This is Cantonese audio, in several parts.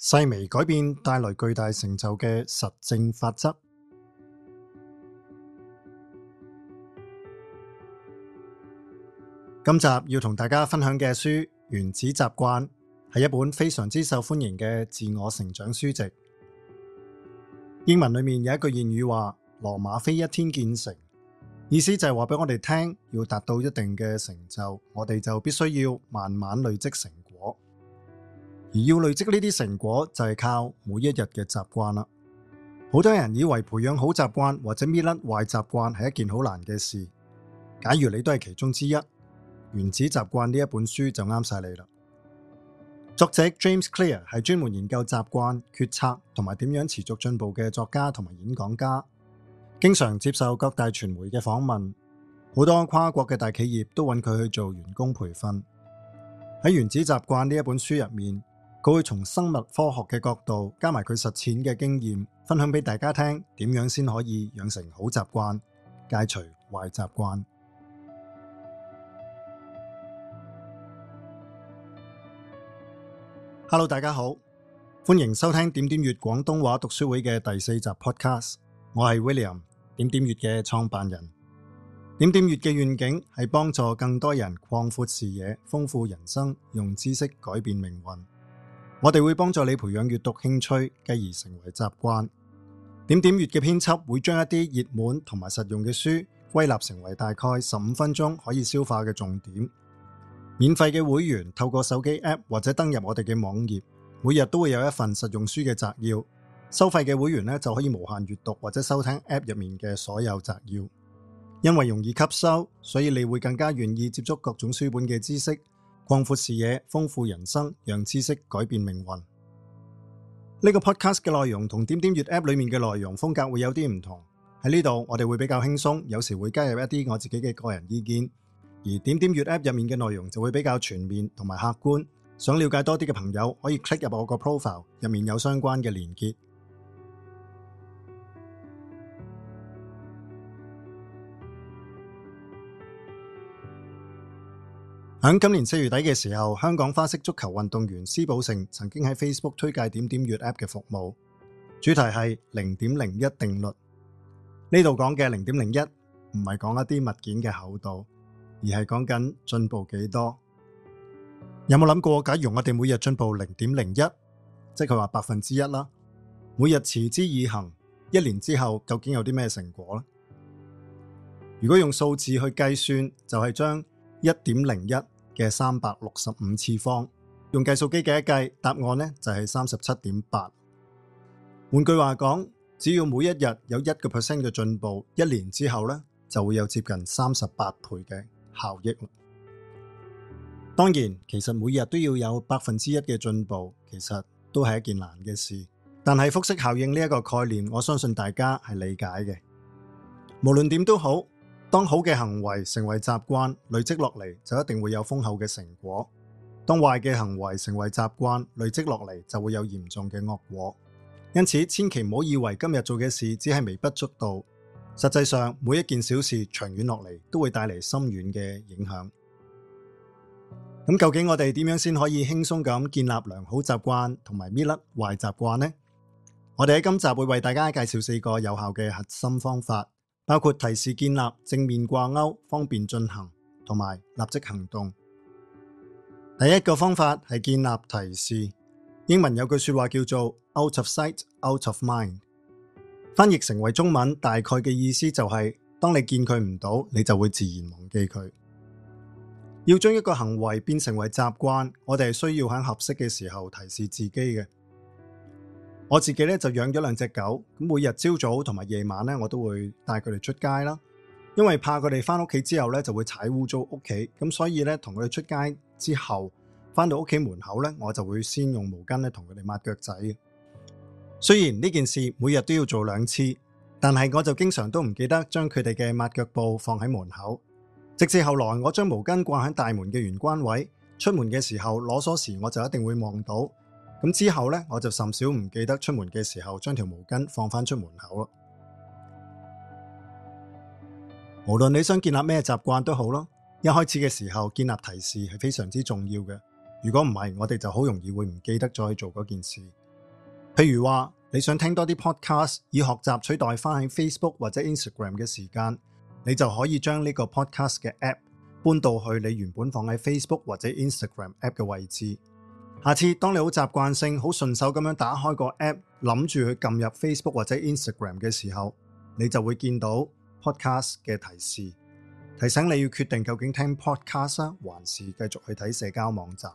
細微改變帶來巨大成就嘅實證法則。今集要同大家分享嘅書《原子習慣》係一本非常之受歡迎嘅自我成長書籍。英文裏面有一句諺語話：羅馬非一天建成，意思就係話俾我哋聽，要達到一定嘅成就，我哋就必須要慢慢累積成。而要累積呢啲成果，就係靠每一日嘅習慣啦。好多人以為培養好習慣或者搣甩壞習慣係一件好難嘅事。假如你都係其中之一，原子習慣呢一本書就啱晒你啦。作者 James Clear 係專門研究習慣、決策同埋點樣持續進步嘅作家同埋演講家，經常接受各大傳媒嘅訪問，好多跨國嘅大企業都揾佢去做員工培訓。喺原子習慣呢一本書入面，佢會從生物科學嘅角度，加埋佢實踐嘅經驗，分享俾大家聽，點樣先可以養成好習慣，戒除壞習慣。Hello，大家好，歡迎收聽點點粵廣東話讀書會嘅第四集 Podcast。我係 William，點點粵嘅創辦人。點點粵嘅願景係幫助更多人擴闊視野，豐富人生，用知識改變命運。我哋會幫助你培養閱讀興趣，繼而成為習慣。點點閱嘅編輯會將一啲熱門同埋實用嘅書歸納成為大概十五分鐘可以消化嘅重點。免費嘅會員透過手機 App 或者登入我哋嘅網頁，每日都會有一份實用書嘅摘要。收費嘅會員咧就可以無限閱讀或者收聽 App 入面嘅所有摘要。因為容易吸收，所以你會更加願意接觸各種書本嘅知識。擴闊視野，豐富人生，讓知識改變命運。呢、這個 podcast 嘅內容同點點閱 app 裏面嘅內容風格會有啲唔同。喺呢度，我哋會比較輕鬆，有時會加入一啲我自己嘅個人意見。而點點閱 app 入面嘅內容就會比較全面同埋客觀。想了解多啲嘅朋友，可以 click 入我個 profile 入面有相關嘅連結。喺今年七月底嘅時候，香港花式足球運動員施寶成曾經喺 Facebook 推介點點閱 App 嘅服務，主題係零點零一定律。呢度講嘅零點零一唔係講一啲物件嘅厚度，而係講緊進步幾多。有冇諗過，假如我哋每日進步零點零一，即係佢話百分之一啦，每日持之以恒，一年之後究竟有啲咩成果咧？如果用數字去計算，就係、是、將。一點零一嘅三百六十五次方，用計數機計一計，答案呢就係三十七點八。換句話講，只要每一日有一個 percent 嘅進步，一年之後呢就會有接近三十八倍嘅效益。當然，其實每日都要有百分之一嘅進步，其實都係一件難嘅事。但係複式效應呢一個概念，我相信大家係理解嘅。無論點都好。當好嘅行為成為習慣，累積落嚟就一定會有豐厚嘅成果；當壞嘅行為成為習慣，累積落嚟就會有嚴重嘅惡果。因此，千祈唔好以為今日做嘅事只係微不足道，實際上每一件小事長遠落嚟都會帶嚟深遠嘅影響。咁究竟我哋點樣先可以輕鬆咁建立良好習慣，同埋搣甩壞習慣呢？我哋喺今集會為大家介紹四個有效嘅核心方法。包括提示，建立正面掛鈎，方便進行，同埋立即行動。第一個方法係建立提示。英文有句說話叫做 out of sight, out of mind，翻譯成為中文大概嘅意思就係，當你見佢唔到，你就會自然忘記佢。要將一個行為變成為習慣，我哋需要喺合適嘅時候提示自己嘅。我自己咧就養咗兩隻狗，咁每日朝早同埋夜晚咧，我都會帶佢哋出街啦。因為怕佢哋翻屋企之後咧就會踩污糟屋企，咁所以咧同佢哋出街之後，翻到屋企門口咧，我就會先用毛巾咧同佢哋抹腳仔。雖然呢件事每日都要做兩次，但係我就經常都唔記得將佢哋嘅抹腳布放喺門口。直至後來，我將毛巾掛喺大門嘅玄關位，出門嘅時候攞鎖匙，我就一定會望到。咁之後呢，我就甚少唔記得出門嘅時候將條毛巾放翻出門口咯。無論你想建立咩習慣都好咯，一開始嘅時候建立提示係非常之重要嘅。如果唔係，我哋就好容易會唔記得再做嗰件事。譬如話，你想聽多啲 podcast，以學習取代翻喺 Facebook 或者 Instagram 嘅時間，你就可以將呢個 podcast 嘅 app 搬到去你原本放喺 Facebook 或者 Instagram app 嘅位置。下次當你好習慣性、好順手咁樣打開個 app，諗住去撳入 Facebook 或者 Instagram 嘅時候，你就會見到 podcast 嘅提示，提醒你要決定究竟聽 podcast 呢，還是繼續去睇社交網站。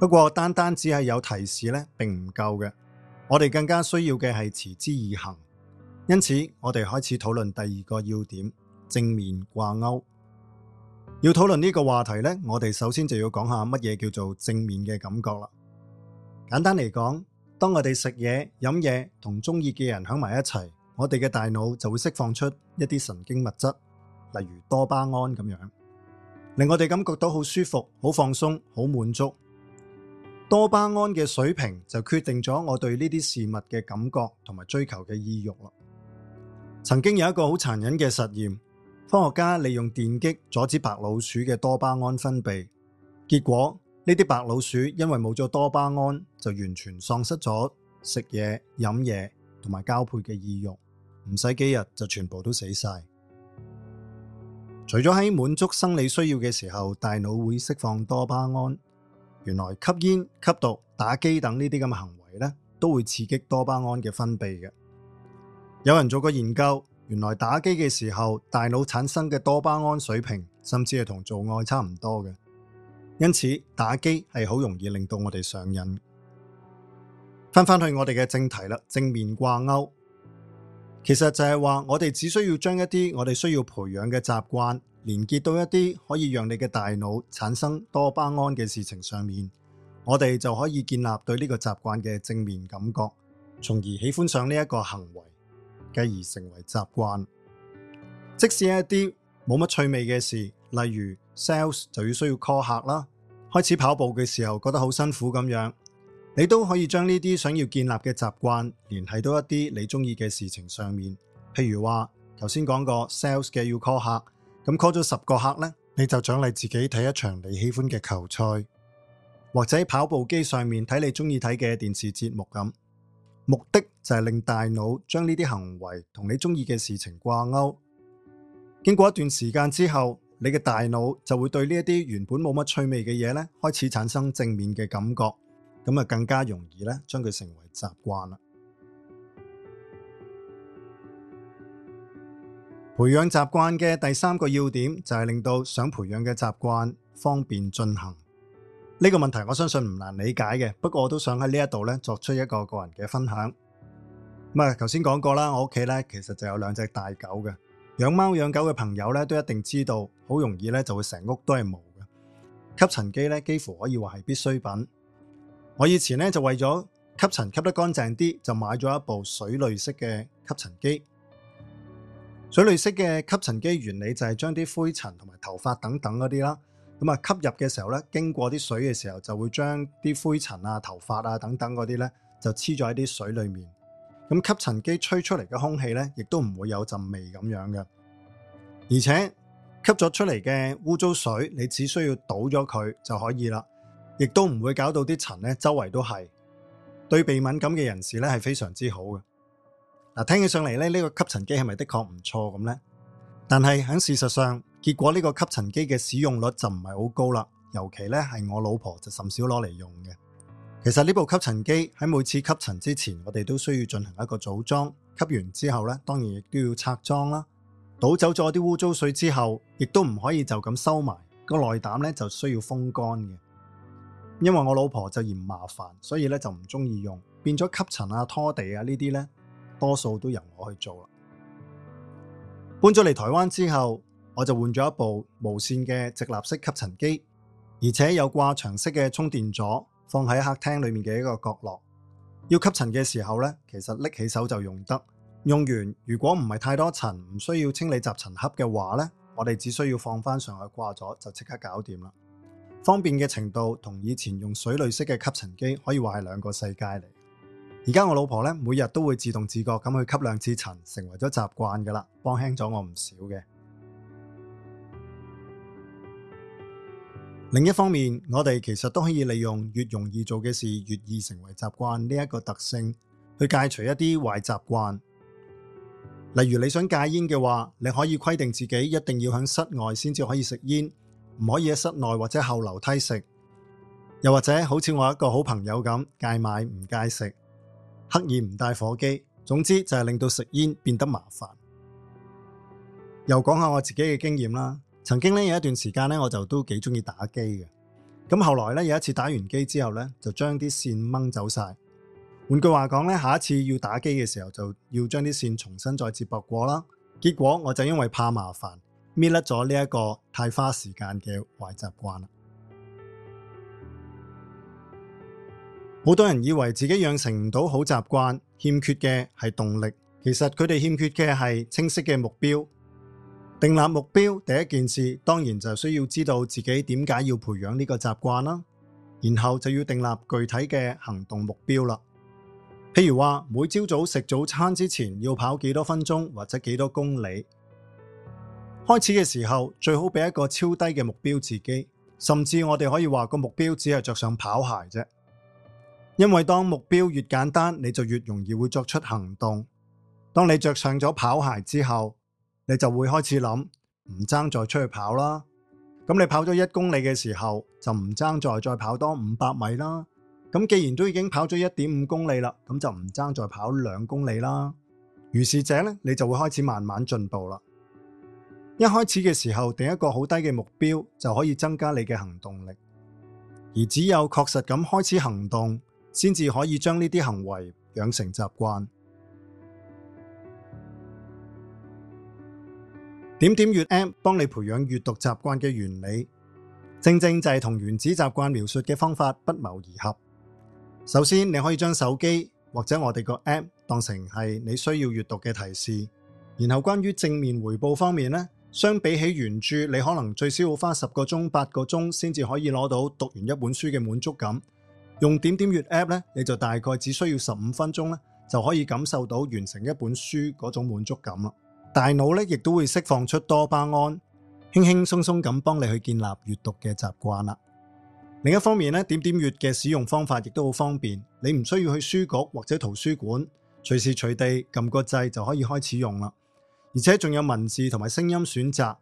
不過單單只係有提示咧，並唔夠嘅。我哋更加需要嘅係持之以恆。因此，我哋開始討論第二個要點：正面掛鈎。要討論呢個話題呢，我哋首先就要講下乜嘢叫做正面嘅感覺啦。簡單嚟講，當我哋食嘢、飲嘢、同中意嘅人響埋一齊，我哋嘅大腦就會釋放出一啲神經物質，例如多巴胺咁樣，令我哋感覺到好舒服、好放鬆、好滿足。多巴胺嘅水平就決定咗我對呢啲事物嘅感覺同埋追求嘅意慾啦。曾經有一個好殘忍嘅實驗。科學家利用電擊阻止白老鼠嘅多巴胺分泌，結果呢啲白老鼠因為冇咗多巴胺，就完全喪失咗食嘢、飲嘢同埋交配嘅意欲，唔使幾日就全部都死晒。除咗喺滿足生理需要嘅時候，大腦會釋放多巴胺，原來吸煙、吸毒、打機等呢啲咁嘅行為咧，都會刺激多巴胺嘅分泌嘅。有人做過研究。原來打機嘅時候，大腦產生嘅多巴胺水平，甚至係同做愛差唔多嘅。因此，打機係好容易令到我哋上癮。翻翻去我哋嘅正題啦，正面掛鈎，其實就係話，我哋只需要將一啲我哋需要培養嘅習慣，連接到一啲可以讓你嘅大腦產生多巴胺嘅事情上面，我哋就可以建立對呢個習慣嘅正面感覺，從而喜歡上呢一個行為。繼而成為習慣，即使一啲冇乜趣味嘅事，例如 sales 就要需要 call 客啦。開始跑步嘅時候覺得好辛苦咁樣，你都可以將呢啲想要建立嘅習慣，聯繫到一啲你中意嘅事情上面。譬如話，頭先講過 sales 嘅要 call 客，咁 call 咗十個客呢，你就獎勵自己睇一場你喜歡嘅球賽，或者跑步機上面睇你中意睇嘅電視節目咁。目的就係令大腦將呢啲行為同你中意嘅事情掛鈎，經過一段時間之後，你嘅大腦就會對呢一啲原本冇乜趣味嘅嘢咧，開始產生正面嘅感覺，咁啊更加容易咧將佢成為習慣啦。培養習慣嘅第三個要點就係令到想培養嘅習慣方便進行。呢個問題我相信唔難理解嘅，不過我都想喺呢一度咧作出一個個人嘅分享。咁啊，頭先講過啦，我屋企呢其實就有兩隻大狗嘅，養貓養狗嘅朋友呢都一定知道，好容易呢就會成屋都係毛嘅，吸塵機呢幾乎可以話係必需品。我以前呢就為咗吸塵吸得乾淨啲，就買咗一部水濾式嘅吸塵機。水濾式嘅吸塵機原理就係將啲灰塵同埋頭髮等等嗰啲啦。咁啊，吸入嘅時候咧，經過啲水嘅時候，就會將啲灰塵啊、頭髮啊等等嗰啲咧，就黐咗喺啲水裏面。咁吸塵機吹出嚟嘅空氣咧，亦都唔會有陣味咁樣嘅。而且吸咗出嚟嘅污糟水，你只需要倒咗佢就可以啦，亦都唔會搞到啲塵咧周圍都係。對鼻敏感嘅人士咧，係非常之好嘅。嗱，聽起上嚟咧，呢個吸塵機係咪的確唔錯咁呢？但係喺事實上。結果呢個吸塵機嘅使用率就唔係好高啦，尤其咧係我老婆就甚少攞嚟用嘅。其實呢部吸塵機喺每次吸塵之前，我哋都需要進行一個組裝。吸完之後咧，當然亦都要拆裝啦。倒走咗啲污糟水之後，亦都唔可以就咁收埋。個內膽咧就需要風乾嘅。因為我老婆就嫌麻煩，所以咧就唔中意用，變咗吸塵啊、拖地啊呢啲咧，多數都由我去做啦。搬咗嚟台灣之後。我就換咗一部無線嘅直立式吸塵機，而且有掛牆式嘅充電座，放喺客廳裏面嘅一個角落。要吸塵嘅時候呢，其實拎起手就用得。用完如果唔係太多塵，唔需要清理集塵盒嘅話呢，我哋只需要放翻上去掛咗就即刻搞掂啦。方便嘅程度同以前用水濾式嘅吸塵機可以話係兩個世界嚟。而家我老婆呢，每日都會自動自覺咁去吸兩次塵，成為咗習慣噶啦，幫輕咗我唔少嘅。另一方面，我哋其實都可以利用越容易做嘅事越易成為習慣呢一個特性，去戒除一啲壞習慣。例如你想戒煙嘅話，你可以規定自己一定要響室外先至可以食煙，唔可以喺室內或者後樓梯食。又或者好似我一個好朋友咁，戒買唔戒食，刻意唔帶火機。總之就係令到食煙變得麻煩。又講下我自己嘅經驗啦。曾經咧，有一段時間咧，我就都幾中意打機嘅。咁後來咧，有一次打完機之後咧，就將啲線掹走晒。換句話講咧，下一次要打機嘅時候，就要將啲線重新再接駁過啦。結果我就因為怕麻煩，搣甩咗呢一個太花時間嘅壞習慣啦。好多人以為自己養成唔到好習慣，欠缺嘅係動力。其實佢哋欠缺嘅係清晰嘅目標。訂立目標第一件事，當然就需要知道自己點解要培養呢個習慣啦。然後就要訂立具體嘅行動目標啦。譬如話每朝早食早餐之前要跑幾多分鐘或者幾多公里。開始嘅時候最好俾一個超低嘅目標自己，甚至我哋可以話個目標只係着上跑鞋啫。因為當目標越簡單，你就越容易會作出行動。當你着上咗跑鞋之後，你就會開始諗，唔爭再出去跑啦。咁你跑咗一公里嘅時候，就唔爭再再跑多五百米啦。咁既然都已經跑咗一點五公里啦，咁就唔爭再跑兩公里啦。於是者呢，你就會開始慢慢進步啦。一開始嘅時候，定一個好低嘅目標，就可以增加你嘅行動力。而只有確實咁開始行動，先至可以將呢啲行為養成習慣。點點閱 App 幫你培養閱讀習慣嘅原理，正正就係同原子習慣描述嘅方法不謀而合。首先，你可以將手機或者我哋個 App 當成係你需要閱讀嘅提示。然後，關於正面回報方面咧，相比起原著，你可能最少要花十個鐘、八個鐘先至可以攞到讀完一本書嘅滿足感。用點點閱 App 咧，你就大概只需要十五分鐘咧就可以感受到完成一本書嗰種滿足感啦。大腦呢，亦都會釋放出多巴胺，輕輕鬆鬆咁幫你去建立閱讀嘅習慣啦。另一方面呢，點點閱嘅使用方法亦都好方便，你唔需要去書局或者圖書館，隨時隨地撳個掣就可以開始用啦。而且仲有文字同埋聲音選擇，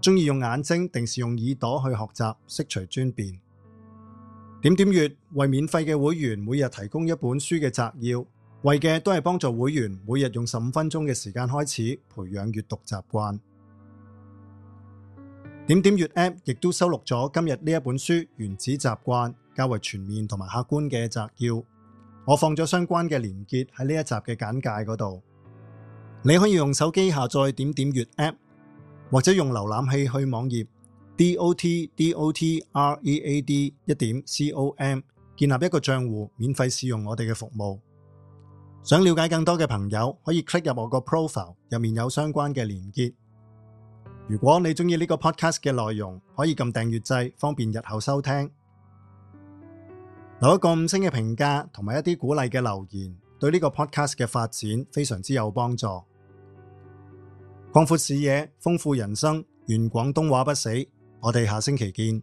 中意用眼睛定係用耳朵去學習，悉隨尊便。點點閱為免費嘅會員每日提供一本書嘅摘要。為嘅都係幫助會員每日用十五分鐘嘅時間開始培養閱讀習慣。點點閱 App 亦都收錄咗今日呢一本書《原子習慣》較為全面同埋客觀嘅摘要。我放咗相關嘅連結喺呢一集嘅簡介嗰度。你可以用手機下載點點閱 App，或者用瀏覽器去網頁 dot dot read 一點 com 建立一個賬戶，免費試用我哋嘅服務。想了解更多嘅朋友，可以 click 入我個 profile 入面有相關嘅連結。如果你中意呢個 podcast 嘅內容，可以撳訂閱掣，方便日後收聽。留一個五星嘅評價同埋一啲鼓勵嘅留言，對呢個 podcast 嘅發展非常之有幫助。廣闊視野，豐富人生，願廣東話不死。我哋下星期見。